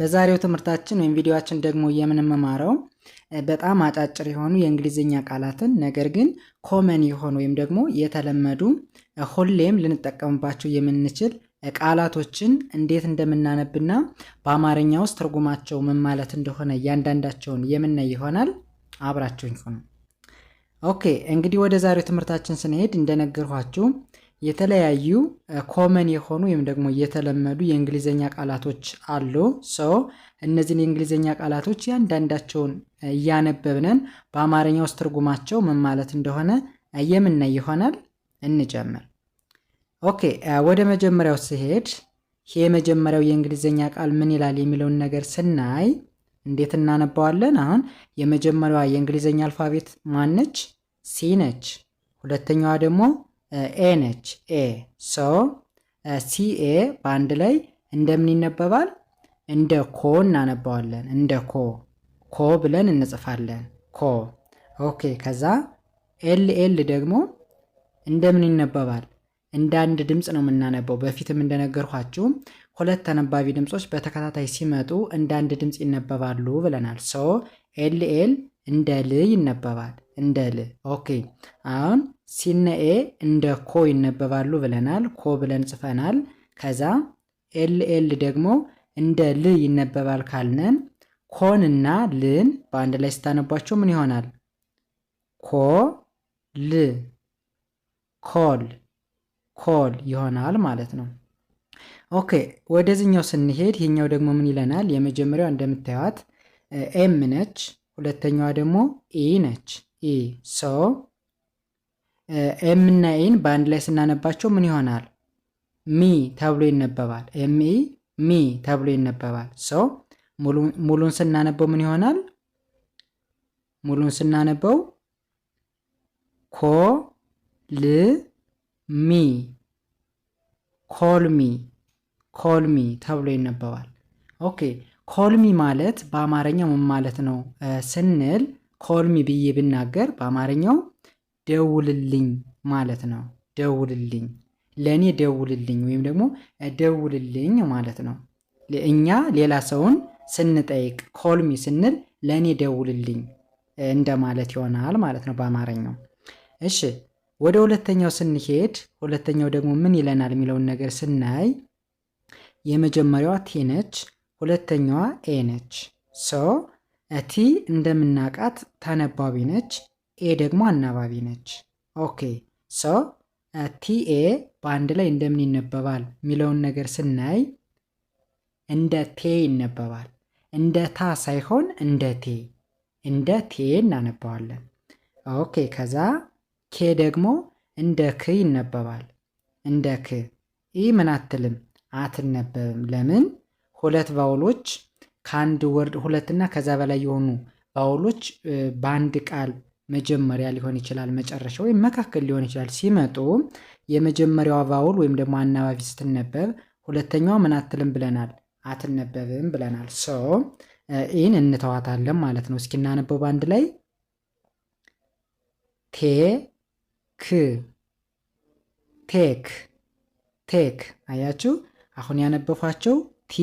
በዛሬው ትምህርታችን ወይም ቪዲዮችን ደግሞ የምንመማረው በጣም አጫጭር የሆኑ የእንግሊዝኛ ቃላትን ነገር ግን ኮመን የሆኑ ወይም ደግሞ የተለመዱ ሁሌም ልንጠቀምባቸው የምንችል ቃላቶችን እንዴት እንደምናነብና በአማርኛ ውስጥ ትርጉማቸው ምን ማለት እንደሆነ እያንዳንዳቸውን የምናይ ይሆናል። አብራችሁኝ ሁኑ። ኦኬ እንግዲህ ወደ ዛሬው ትምህርታችን ስንሄድ እንደነገርኋችሁ የተለያዩ ኮመን የሆኑ ወይም ደግሞ የተለመዱ የእንግሊዝኛ ቃላቶች አሉ። ሶ እነዚህን የእንግሊዝኛ ቃላቶች ያንዳንዳቸውን እያነበብነን በአማርኛ ውስጥ ትርጉማቸው ምን ማለት እንደሆነ የምናይ ይሆናል። እንጀምር። ኦኬ፣ ወደ መጀመሪያው ስሄድ ይሄ የመጀመሪያው የእንግሊዝኛ ቃል ምን ይላል የሚለውን ነገር ስናይ እንዴት እናነባዋለን? አሁን የመጀመሪያዋ የእንግሊዝኛ አልፋቤት ማነች? ሲ ነች። ሁለተኛዋ ደግሞ ኤ ነች። ኤ ሶ ሲኤ በአንድ ላይ እንደምን ይነበባል? እንደ ኮ እናነባዋለን። እንደ ኮ ኮ ብለን እንጽፋለን። ኮ ኦኬ። ከዛ ኤል ኤል ደግሞ እንደምን ይነበባል? እንደ አንድ ድምፅ ነው የምናነበው። በፊትም እንደነገርኳችሁ ሁለት ተነባቢ ድምፆች በተከታታይ ሲመጡ እንደ አንድ ድምፅ ይነበባሉ ብለናል። ሶ ኤል ኤል እንደ ል ይነበባል። እንደ ል ኦኬ። አሁን ኤ እንደ ኮ ይነበባሉ ብለናል። ኮ ብለን ጽፈናል። ከዛ ኤል ኤል ደግሞ እንደ ል ይነበባል ካልነን ኮን እና ልን በአንድ ላይ ስታነቧቸው ምን ይሆናል? ኮ ል ኮል ኮል ይሆናል ማለት ነው። ኦኬ ወደዚህኛው ስንሄድ ይሄኛው ደግሞ ምን ይለናል? የመጀመሪያው እንደምታዩት ኤም ነች። ሁለተኛዋ ደግሞ ኢ ነች። ኢ ሶ ኤም እና ኤን በአንድ ላይ ስናነባቸው ምን ይሆናል? ሚ ተብሎ ይነበባል። ኤም ሚ ተብሎ ይነበባል። ሶ ሙሉን ስናነበው ምን ይሆናል? ሙሉን ስናነበው ኮ ል ሚ ኮልሚ ኮልሚ ተብሎ ይነበባል። ኦኬ ኮልሚ ማለት በአማርኛው ምን ማለት ነው ስንል ኮልሚ ብዬ ብናገር በአማርኛው ደውልልኝ ማለት ነው። ደውልልኝ ለእኔ ደውልልኝ ወይም ደግሞ ደውልልኝ ማለት ነው። እኛ ሌላ ሰውን ስንጠይቅ ኮልሚ ስንል ለእኔ ደውልልኝ እንደማለት ይሆናል ማለት ነው በአማርኛው። እሺ ወደ ሁለተኛው ስንሄድ ሁለተኛው ደግሞ ምን ይለናል የሚለውን ነገር ስናይ የመጀመሪያዋ ቲ ነች፣ ሁለተኛዋ ኤ ነች። ሶ ቲ እንደምናቃት ተነባቢ ነች። ኤ ደግሞ አናባቢ ነች። ኦኬ ሶ ቲኤ በአንድ ላይ እንደምን ይነበባል የሚለውን ነገር ስናይ እንደ ቴ ይነበባል። እንደ ታ ሳይሆን እንደ ቴ እንደ ቴ እናነባዋለን። ኦኬ ከዛ ኬ ደግሞ እንደ ክ ይነበባል። እንደ ክ ኢ ምን አትልም አትነበብም። ለምን? ሁለት ቫውሎች ከአንድ ወርድ ሁለትና ከዛ በላይ የሆኑ ቫውሎች በአንድ ቃል መጀመሪያ ሊሆን ይችላል፣ መጨረሻ ወይም መካከል ሊሆን ይችላል። ሲመጡ የመጀመሪያዋ ቫውል ወይም ደግሞ አናባቢ ስትነበብ ሁለተኛዋ ምን አትልም ብለናል? አትነበብም ብለናል። ሶ ኢን እንተዋታለን ማለት ነው። እስኪ እናነበው አንድ ላይ ቴክ ቴክ ቴክ። አያችሁ አሁን ያነበፏቸው ቲ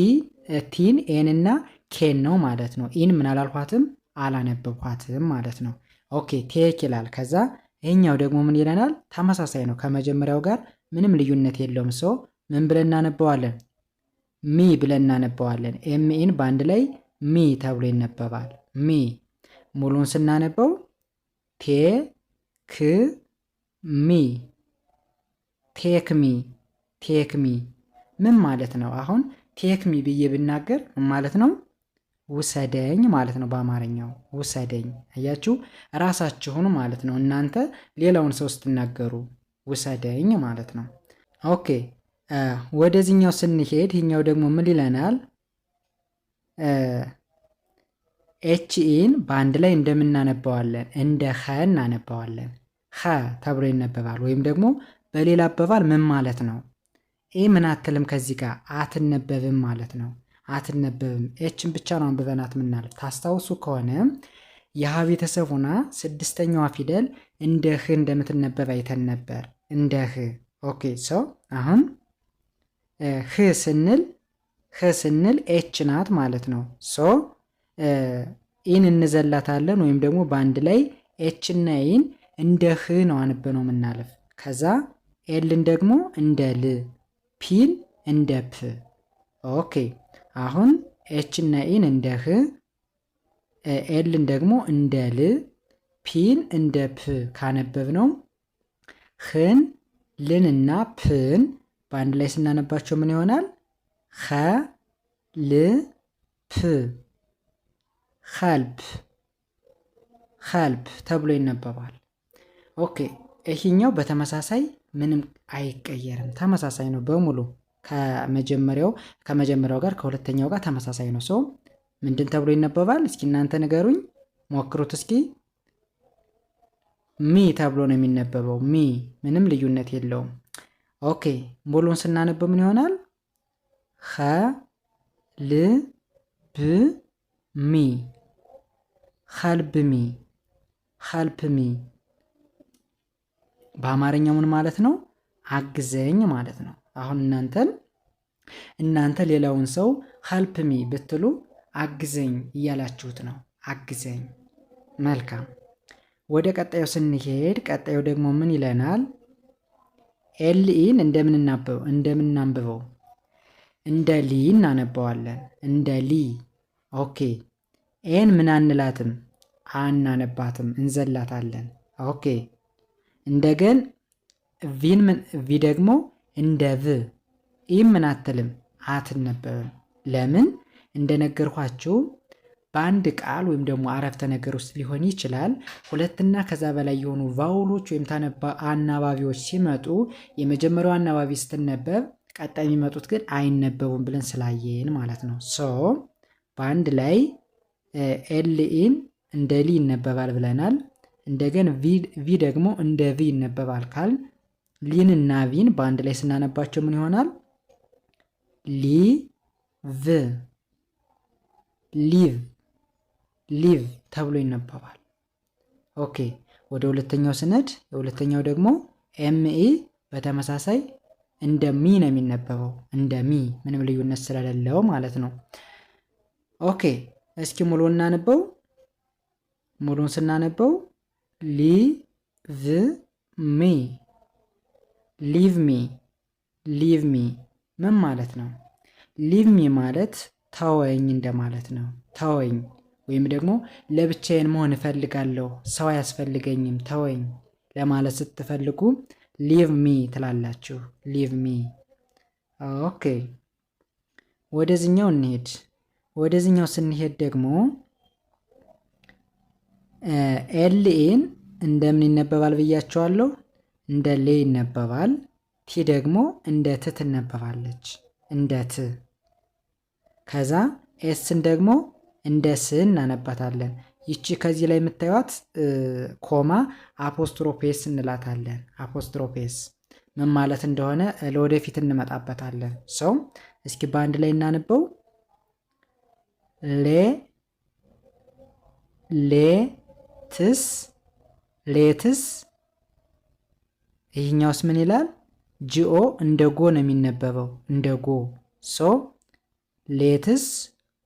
ቲን ኤን እና ኬን ነው ማለት ነው። ኢን ምን አላልኋትም አላነበብኋትም ማለት ነው። ኦኬ ቴክ ይላል። ከዛ ይህኛው ደግሞ ምን ይለናል? ተመሳሳይ ነው ከመጀመሪያው ጋር ምንም ልዩነት የለውም። ሰው ምን ብለን እናነበዋለን? ሚ ብለን እናነበዋለን። ኤምኤን በአንድ ላይ ሚ ተብሎ ይነበባል። ሚ ሙሉን ስናነበው ቴ ክ ሚ ቴክ ሚ ምን ማለት ነው? አሁን ሚ ብዬ ብናገር ምን ማለት ነው? ውሰደኝ ማለት ነው። በአማርኛው ውሰደኝ። አያችሁ ራሳችሁን ማለት ነው። እናንተ ሌላውን ሰው ስትናገሩ ውሰደኝ ማለት ነው። ኦኬ ወደዚህኛው ስንሄድ ይህኛው ደግሞ ምን ይለናል? ኤችኢን በአንድ ላይ እንደምናነባዋለን እንደ ኸ እናነባዋለን። ኸ ተብሎ ይነበባል። ወይም ደግሞ በሌላ አባባል ምን ማለት ነው? ኢ ምን አትልም ከዚህ ጋር አትነበብም ማለት ነው። አትነበብም። ኤችን ብቻ ነው አንብበናት ምናለ ታስታውሱ ከሆነ የሀ ቤተሰብ ሆና ስድስተኛዋ ፊደል እንደ ህ እንደምትነበብ አይተን ነበር። እንደ ህ ኦኬ። ሰው አሁን ህ ስንል ህ ስንል ኤች ናት ማለት ነው። ሶ ኢን እንዘላታለን ወይም ደግሞ በአንድ ላይ ኤች እና ኢን እንደ ህ ነው አንብ ነው የምናለፍ። ከዛ ኤልን ደግሞ እንደ ል፣ ፒን እንደ ፕ። ኦኬ አሁን ኤች እና ኢን እንደ ህ፣ ኤልን ደግሞ እንደ ል፣ ፒን እንደ ፕ ካነበብ ነው ህን ልን እና ፕን በአንድ ላይ ስናነባቸው ምን ይሆናል? ኸ ል ፕ ኸልፕ ኸልፕ ተብሎ ይነበባል። ኦኬ ይሄኛው በተመሳሳይ ምንም አይቀየርም፣ ተመሳሳይ ነው በሙሉ ከመጀመሪያው ከመጀመሪያው ጋር ከሁለተኛው ጋር ተመሳሳይ ነው። ሰው ምንድን ተብሎ ይነበባል? እስኪ እናንተ ንገሩኝ፣ ሞክሩት እስኪ። ሚ ተብሎ ነው የሚነበበው። ሚ ምንም ልዩነት የለውም። ኦኬ ሙሉን ስናነብ ምን ይሆናል? ኸ ል ብ ሚ ኸልብሚ ኸልፕሚ በአማርኛው ምን ማለት ነው? አግዘኝ ማለት ነው። አሁን እናንተን እናንተ ሌላውን ሰው ሀልፕ ሚ ብትሉ አግዘኝ እያላችሁት ነው። አግዘኝ። መልካም። ወደ ቀጣዩ ስንሄድ ቀጣዩ ደግሞ ምን ይለናል? ኤልኢን እንደምናንብበው እንደ ሊ እናነባዋለን። እንደ ሊ። ኦኬ። ኤን ምን አንላትም፣ አናነባትም፣ እንዘላታለን። ኦኬ። እንደገን ቪን ቪ ደግሞ እንደ ቭ ይህም ምን አትልም አትነበብም። ለምን? እንደነገርኳችሁ በአንድ ቃል ወይም ደግሞ አረፍተ ነገር ውስጥ ሊሆን ይችላል። ሁለትና ከዛ በላይ የሆኑ ቫውሎች ወይም አናባቢዎች ሲመጡ የመጀመሪያው አናባቢ ስትነበብ፣ ቀጣይ የሚመጡት ግን አይነበቡም ብለን ስላየን ማለት ነው። ሶ በአንድ ላይ ኤልኢን እንደ ሊ ይነበባል ብለናል። እንደገን ቪ ደግሞ እንደ ቪ ይነበባል ካል ሊን እና ቪን በአንድ ላይ ስናነባቸው ምን ይሆናል? ሊቭ ሊቭ ሊቭ ተብሎ ይነበባል። ኦኬ ወደ ሁለተኛው ስነድ የሁለተኛው ደግሞ ኤምኢ በተመሳሳይ እንደ ሚ ነው የሚነበበው። እንደ ሚ ምንም ልዩነት ስለሌለው ማለት ነው። ኦኬ እስኪ ሙሉን እናነበው። ሙሉን ስናነበው ሊቭ ሚ ሊቭ ሚ ሊቭ ሚ ምን ማለት ነው? ሊቭ ሚ ማለት ተወኝ እንደማለት ነው። ተወኝ ወይም ደግሞ ለብቻዬን መሆን እፈልጋለሁ፣ ሰው አያስፈልገኝም፣ ተወኝ ለማለት ስትፈልጉ ሊቭ ሚ ትላላችሁ። ሊቭ ሚ። ኦኬ ወደዚኛው እንሄድ። ወደዚኛው ስንሄድ ደግሞ ኤልኤን እንደምን ይነበባል ብያቸዋለሁ። እንደ ሌ ይነበባል። ቲ ደግሞ እንደ ት ትነበባለች፣ እንደ ት። ከዛ ኤስን ደግሞ እንደ ስ እናነባታለን። ይቺ ከዚህ ላይ የምታዩት ኮማ አፖስትሮፔስ እንላታለን። አፖስትሮፔስ ምን ማለት እንደሆነ ለወደፊት እንመጣበታለን። ሰው እስኪ በአንድ ላይ እናንበው። ሌ ትስ ሌትስ ይህኛውስ ምን ይላል? ጂኦ እንደ ጎ ነው የሚነበበው፣ እንደ ጎ። ሶ ሌትስ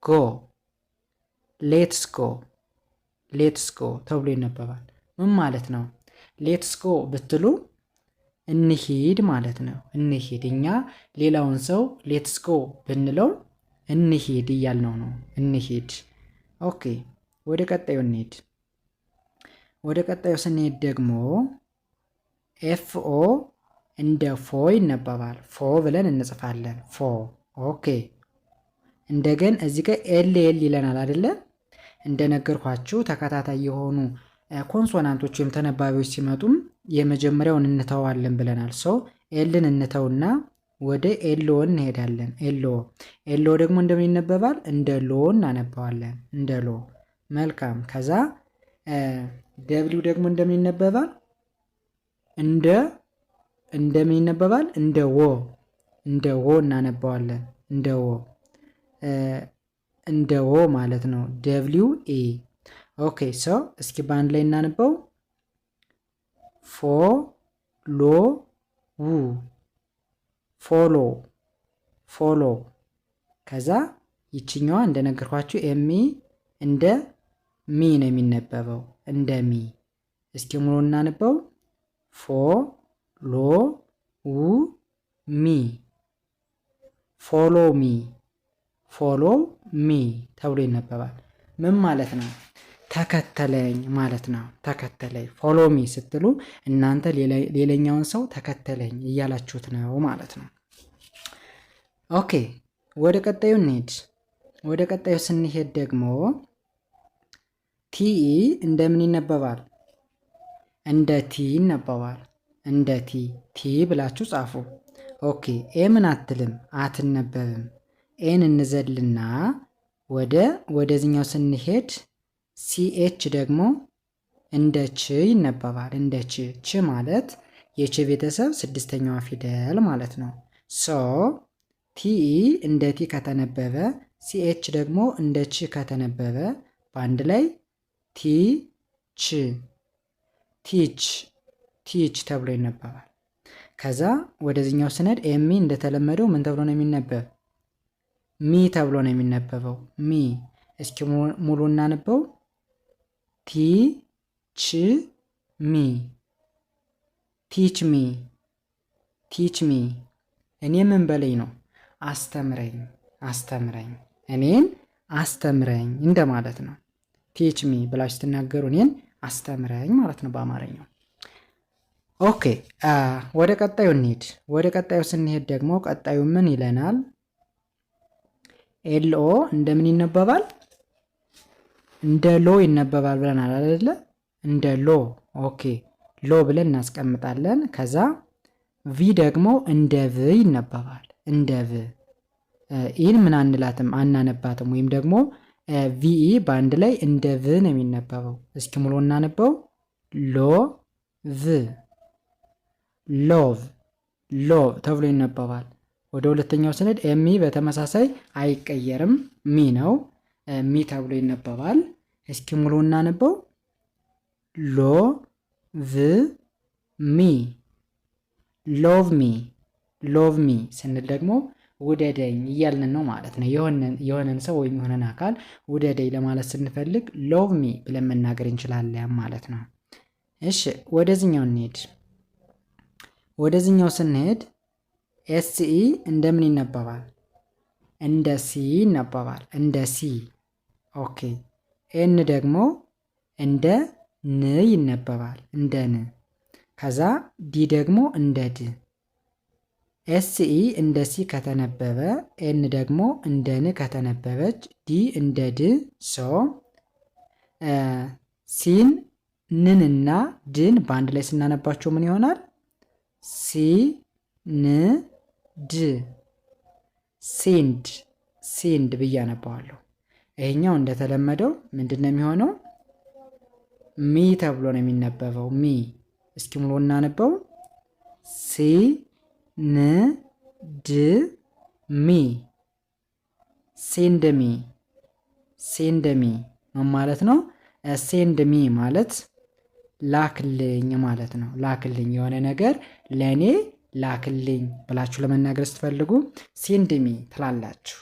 ጎ ሌትስ ጎ ሌትስ ጎ ተብሎ ይነበባል። ምን ማለት ነው? ሌትስ ጎ ብትሉ እንሂድ ማለት ነው። እንሂድ እኛ ሌላውን ሰው ሌትስ ጎ ብንለው እንሂድ እያልነው ነው። እንሂድ። ኦኬ፣ ወደ ቀጣዩ እንሂድ። ወደ ቀጣዩ ስንሄድ ደግሞ ኤፍኦ እንደ ፎ ይነበባል። ፎ ብለን እንጽፋለን። ፎ ኦኬ። እንደገን እዚህ ጋር ኤል ኤል ይለናል አይደለ? እንደነገርኳችሁ ተከታታይ የሆኑ ኮንሶናንቶች ወይም ተነባቢዎች ሲመጡም የመጀመሪያውን እንተዋለን ብለናል። ሰው ኤልን እንተውና ወደ ኤልኦ እንሄዳለን። ኤልኦ ኤልኦ ደግሞ እንደምን ይነበባል? እንደ ሎ እናነባዋለን። እንደ ሎ መልካም። ከዛ ደብሊው ደግሞ እንደምን ይነበባል? እንደ እንደምን ይነበባል? እንደ ወ እንደ ወ እናነባዋለን። እንደ ወ እንደ ወ ማለት ነው። ደብሊው ኤ ኦኬ። ሶ እስኪ በአንድ ላይ እናነበው ፎ ሎ ው ፎሎ ፎሎ ከዛ ይችኛዋ እንደነገርኳችሁ ኤሚ እንደ ሚ ነው የሚነበበው እንደ ሚ። እስኪ ሙሉ እናነበው ፎ ሎ ው ሚ ፎሎ ሚ ፎሎ ሚ ተብሎ ይነበባል። ምን ማለት ነው? ተከተለኝ ማለት ነው። ተከተለኝ ፎሎ ሚ ስትሉ እናንተ ሌላኛውን ሰው ተከተለኝ እያላችሁት ነው ማለት ነው። ኦኬ ወደ ቀጣዩ እንሄድ። ወደ ቀጣዩ ስንሄድ ደግሞ ቲኢ እንደምን ይነበባል? እንደ ቲ ይነበባል። እንደ ቲ ቲ ብላችሁ ጻፉ። ኦኬ ኤ ምን አትልም አትነበብም። ኤን እንዘልና ወደ ወደዚኛው ስንሄድ ሲኤች ደግሞ እንደ ች ይነበባል። እንደ ች ች ማለት የች ቤተሰብ ስድስተኛዋ ፊደል ማለት ነው። ሶ ቲኢ እንደ ቲ ከተነበበ ሲኤች ደግሞ እንደ ች ከተነበበ በአንድ ላይ ቲ ች ቲች ቲች ተብሎ ይነበባል። ከዛ ወደዚህኛው ስነድ ኤሚ እንደተለመደው ምን ተብሎ ነው የሚነበብ? ሚ ተብሎ ነው የሚነበበው። ሚ እስኪ ሙሉ እናንበው። ቲች ሚ ቲች ሚ ቲች ሚ እኔ ምን በለኝ ነው አስተምረኝ፣ አስተምረኝ፣ እኔን አስተምረኝ እንደማለት ነው። ቲች ሚ ብላችሁ ስትናገሩ እኔን አስተምረኝ ማለት ነው በአማርኛው። ኦኬ ወደ ቀጣዩ እንሄድ ወደ ቀጣዩ ስንሄድ ደግሞ ቀጣዩ ምን ይለናል? ኤልኦ እንደምን ይነበባል? እንደ ሎ ይነበባል ብለናል አይደለ? እንደ ሎ ኦኬ፣ ሎ ብለን እናስቀምጣለን። ከዛ ቪ ደግሞ እንደ ቭ ይነበባል። እንደ ቭ ይህን ምን አንላትም አናነባትም፣ ወይም ደግሞ ቪኢ በአንድ ላይ እንደ ቭ ነው የሚነበበው። እስኪ ሙሉ እናነበው። ሎ ቭ ሎቭ ሎቭ ተብሎ ይነበባል። ወደ ሁለተኛው ስንሄድ ኤሚ በተመሳሳይ አይቀየርም፣ ሚ ነው ሚ ተብሎ ይነበባል። እስኪ ሙሉ እናነበው። ሎ ቭ ሚ ሎቭ ሚ ሎቭ ሚ ስንል ደግሞ ውደደኝ እያልን ነው ማለት ነው። የሆነን ሰው ወይም የሆነን አካል ውደደኝ ለማለት ስንፈልግ ሎቭ ሚ ብለን መናገር እንችላለን ማለት ነው። እሺ ወደዚኛው እንሄድ። ወደዚኛው ስንሄድ ኤስኢ እንደምን ይነበባል? እንደ ሲ ይነበባል። እንደ ሲ ኦኬ። ኤን ደግሞ እንደ ን ይነበባል። እንደ ን ከዛ ዲ ደግሞ እንደ ድ ኤስኢ እንደ ሲ ከተነበበ ኤን ደግሞ እንደ ን ከተነበበች ዲ እንደ ድ ሶ ሲን ንን እና ድን በአንድ ላይ ስናነባቸው ምን ይሆናል? ሲ ን ድ ሲንድ ሲንድ ብዬ አነባዋለሁ። ይሄኛው እንደተለመደው ምንድን ነው የሚሆነው? ሚ ተብሎ ነው የሚነበበው። ሚ እስኪ ሙሉ እናነበው ሲ ን ድ ሚ ሴንደሚ ሴንደሚ ምን ማለት ነው? ሴንድሚ ማለት ላክልኝ ማለት ነው። ላክልኝ የሆነ ነገር ለእኔ ላክልኝ ብላችሁ ለመናገር ስትፈልጉ ሴንድሚ ትላላችሁ።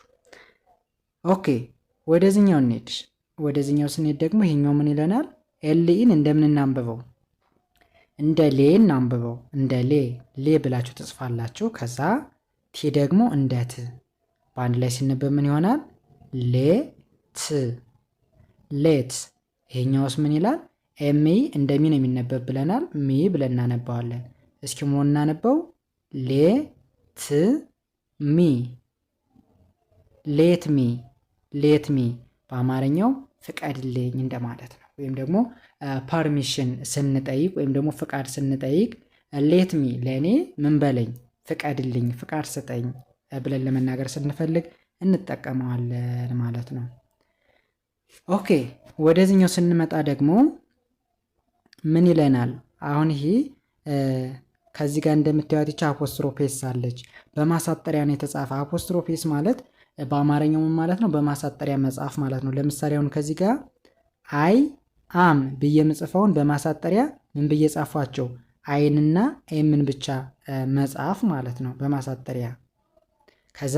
ኦኬ ወደዚኛው እንሂድ። ወደዚኛው ስንሄድ ደግሞ ይሄኛው ምን ይለናል? ኤልኢን እንደምን እናንብበው? እንደ ሌ እናንብበው። እንደ ሌ ሌ ብላችሁ ትጽፋላችሁ። ከዛ ቲ ደግሞ እንደ ት በአንድ ላይ ሲነበብ ምን ይሆናል? ሌ ት ሌት። ይሄኛውስ ምን ይላል? ኤሚ እንደ ሚ ነው የሚነበብ ብለናል። ሚ ብለን እናነባዋለን። እስኪ ሞ እናነበው። ሌ ት ሚ ሌት ሚ ሌት ሚ በአማርኛው ፍቀድልኝ እንደማለት ነው። ወይም ደግሞ ፐርሚሽን ስንጠይቅ ወይም ደግሞ ፍቃድ ስንጠይቅ ሌትሚ ለእኔ ምን በለኝ ፍቀድልኝ፣ ፍቃድ ስጠኝ ብለን ለመናገር ስንፈልግ እንጠቀመዋለን ማለት ነው። ኦኬ ወደዚህኛው ስንመጣ ደግሞ ምን ይለናል? አሁን ይሄ ከዚህ ጋር እንደምታዩት ይቻ አፖስትሮፔስ አለች። በማሳጠሪያ ነው የተጻፈ። አፖስትሮፔስ ማለት በአማርኛው ማለት ነው በማሳጠሪያ መጽሐፍ ማለት ነው። ለምሳሌ አሁን ከዚህ ጋር አይ አም ብዬ ምጽፈውን በማሳጠሪያ ምን ብዬ ጻፏቸው? አይንና ኤምን ብቻ መጻፍ ማለት ነው በማሳጠሪያ። ከዛ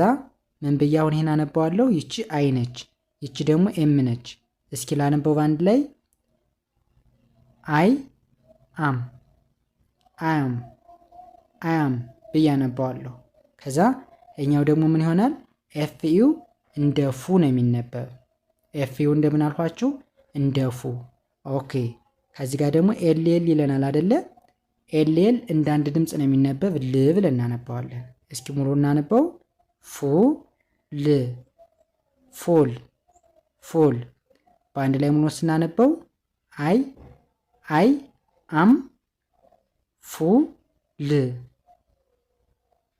ምን ብዬ አሁን ይህን አነባዋለሁ። ይቺ አይ ነች፣ ይቺ ደግሞ ኤም ነች። እስኪ ላነበው በአንድ ላይ አይ አም አም አም ብዬ አነባዋለሁ። ከዛ እኛው ደግሞ ምን ይሆናል? ኤፍዩ እንደ ፉ ነው የሚነበብ። ኤፍዩ እንደምን አልኳችሁ? እንደ ፉ ኦኬ ከዚህ ጋር ደግሞ ኤልኤል ይለናል አደለ? ኤልኤል እንደ አንድ ድምፅ ነው የሚነበብ ል ብለን እናነባዋለን። እስኪ ሙሉ እናነበው። ፉ ል ፉል ፉል። በአንድ ላይ ሙሉ ስናነበው አይ አይ አም ፉ ል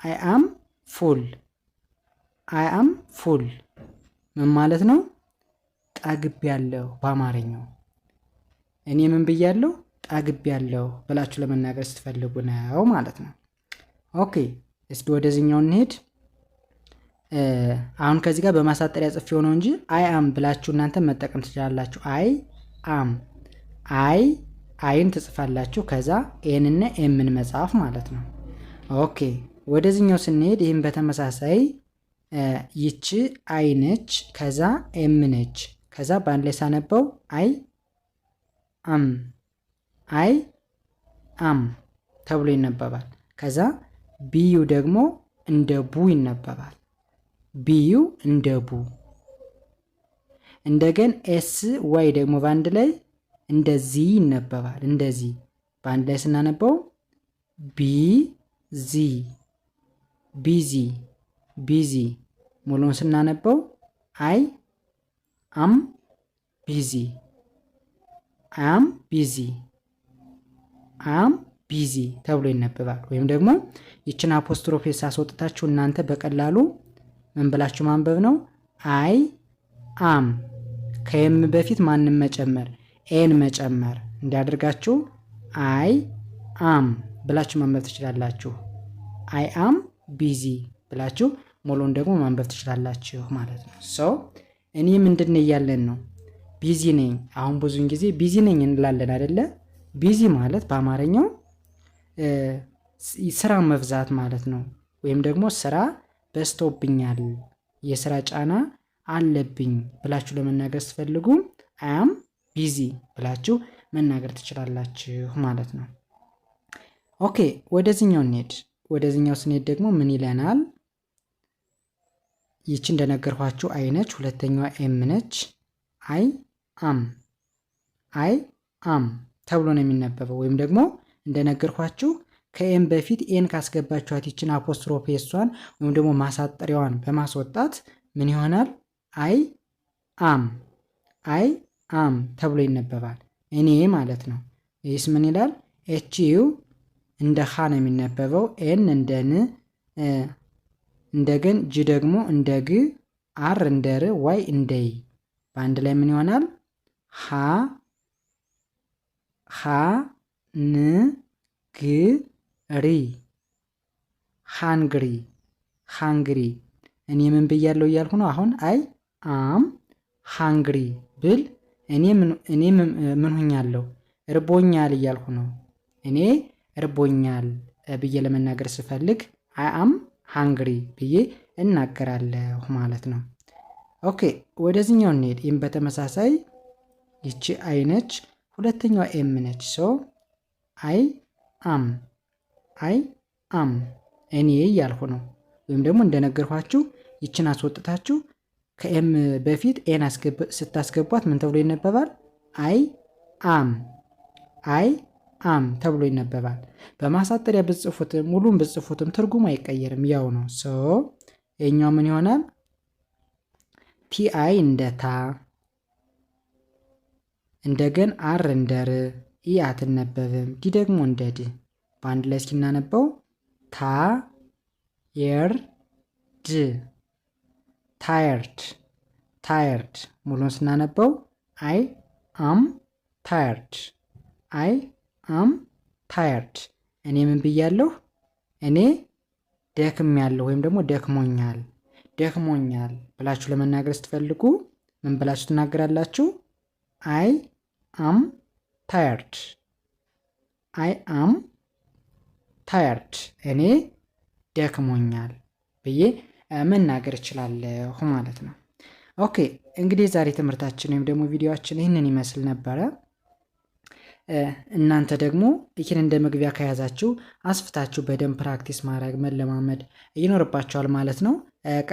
አይ አም ፉል አይ አም ፉል ምን ማለት ነው? ጠግብ ያለው በአማርኛው እኔ ምን ብያለሁ? ያለው ብላችሁ ለመናገር ስትፈልጉ ነው ማለት ነው። ኦኬ እስኪ ወደዚህኛው እንሄድ። አሁን ከዚህ ጋር በማሳጠሪያ ጽፌ ሆነው እንጂ አይ አም ብላችሁ እናንተ መጠቀም ትችላላችሁ። አይ አም አይ አይን ትጽፋላችሁ። ከዛ ኤንና ኤምን መጽሐፍ ማለት ነው። ኦኬ ወደዚህኛው ስንሄድ ይህም በተመሳሳይ ይቺ አይ ነች፣ ከዛ ኤም ነች፣ ከዛ በአንድ ላይ ሳነበው አይ አም አይ አም ተብሎ ይነበባል። ከዛ ቢዩ ደግሞ እንደ ቡ ይነበባል። ቢዩ እንደ ቡ። እንደገን ኤስ ዋይ ደግሞ በአንድ ላይ እንደዚህ ይነበባል። እንደዚህ በአንድ ላይ ስናነበው ቢዚ ቢዚ ቢዚ። ሙሉን ስናነበው አይ አም ቢዚ አም ቢዚ አም ቢዚ ተብሎ ይነበባል። ወይም ደግሞ ይችን አፖስትሮፌ ሳስወጥታችሁ እናንተ በቀላሉ ምን ብላችሁ ማንበብ ነው? አይ አም ከየም በፊት ማንም መጨመር ኤን መጨመር እንዲያደርጋችሁ አይ አም ብላችሁ ማንበብ ትችላላችሁ። አይ አም ቢዚ ብላችሁ ሞሎን ደግሞ ማንበብ ትችላላችሁ ማለት ነው። ሶ እኔ ምንድን እያለን ነው ቢዚ ነኝ። አሁን ብዙን ጊዜ ቢዚ ነኝ እንላለን አይደለ? ቢዚ ማለት በአማርኛው ስራ መብዛት ማለት ነው። ወይም ደግሞ ስራ በዝቶብኛል፣ የስራ ጫና አለብኝ ብላችሁ ለመናገር ስትፈልጉ አያም ቢዚ ብላችሁ መናገር ትችላላችሁ ማለት ነው። ኦኬ ወደዚኛው እንሄድ። ወደዚኛው ስንሄድ ደግሞ ምን ይለናል? ይቺ እንደነገርኳችሁ አይ ነች። ሁለተኛዋ ኤም ነች። አይ አም አይ አም ተብሎ ነው የሚነበበው። ወይም ደግሞ እንደነገርኳችሁ ከኤም በፊት ኤን ካስገባችኋት ይችን አፖስትሮፌ እሷን ወይም ደግሞ ማሳጠሪያዋን በማስወጣት ምን ይሆናል? አይ አም አይ አም ተብሎ ይነበባል። እኔ ማለት ነው። ይህስ ምን ይላል? ኤች ዩ እንደ ሃ ነው የሚነበበው። ኤን እንደ ን፣ እንደገን ጂ ደግሞ እንደ ግ፣ አር እንደ ር፣ ዋይ እንደ ይ። በአንድ ላይ ምን ይሆናል? ሀ ሀ ን ግ ሪ ሃንግሪ ሃንግሪ እኔ ምን ብያለሁ እያልኩ ነው። አሁን አይ አም ሃንግሪ ብል እኔ እኔ ምን ሆኛለሁ እርቦኛል እያልኩ ነው። እኔ እርቦኛል ብዬ ለመናገር ስፈልግ አይ አም ሃንግሪ ብዬ እናገራለሁ ማለት ነው። ኦኬ ወደዚህኛው እንሄድ። ይህም በተመሳሳይ ይቺ አይ ነች። ሁለተኛዋ ኤም ነች። ሶ አይ አም አይ አም እኔ እያልሁ ነው። ወይም ደግሞ እንደነገርኳችሁ ይችን አስወጥታችሁ ከኤም በፊት ኤን ስታስገቧት ምን ተብሎ ይነበባል? አይ አም አይ አም ተብሎ ይነበባል። በማሳጠሪያ ብጽፉትም ሙሉን ብጽፉትም ትርጉም አይቀየርም፣ ያው ነው። ሶ የኛው ምን ይሆናል? ቲአይ እንደ ታ እንደገን አር እንደ ር ኢ አትነበብም። ዲ ደግሞ እንደ ድ በአንድ ላይ እስኪናነበው ታ የር ድ ታየርድ ታየርድ ሙሉን ስናነበው አይ አም ታየርድ አይ አም ታየርድ እኔ ምን ብያለሁ? እኔ ደክም ያለሁ ወይም ደግሞ ደክሞኛል ደክሞኛል ብላችሁ ለመናገር ስትፈልጉ ምን ብላችሁ ትናገራላችሁ? አይ አም ታየርድ አይ አም ታየርድ እኔ ደክሞኛል ብዬ መናገር እችላለሁ ማለት ነው። ኦኬ እንግዲህ የዛሬ ትምህርታችን ወይም ደግሞ ቪዲዮችን ይህንን ይመስል ነበረ። እናንተ ደግሞ ይህን እንደ መግቢያ ከያዛችሁ አስፍታችሁ በደንብ ፕራክቲስ ማድረግ መለማመድ ይኖርባችኋል ማለት ነው።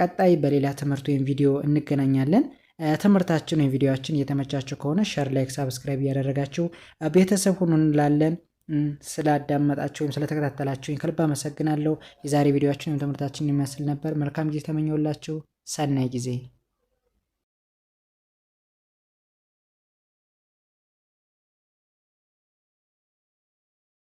ቀጣይ በሌላ ትምህርት ወይም ቪዲዮ እንገናኛለን። ትምህርታችን ወይም ቪዲዮችን እየተመቻችሁ ከሆነ ሸር፣ ላይክ፣ ሳብስክራይብ እያደረጋችሁ ቤተሰብ ሁኑ እንላለን። ስላዳመጣችሁ ወይም ስለተከታተላችሁኝ ከልብ አመሰግናለሁ። የዛሬ ቪዲዮችን ወይም ትምህርታችን ይመስል ነበር። መልካም ጊዜ ተመኘውላችሁ። ሰናይ ጊዜ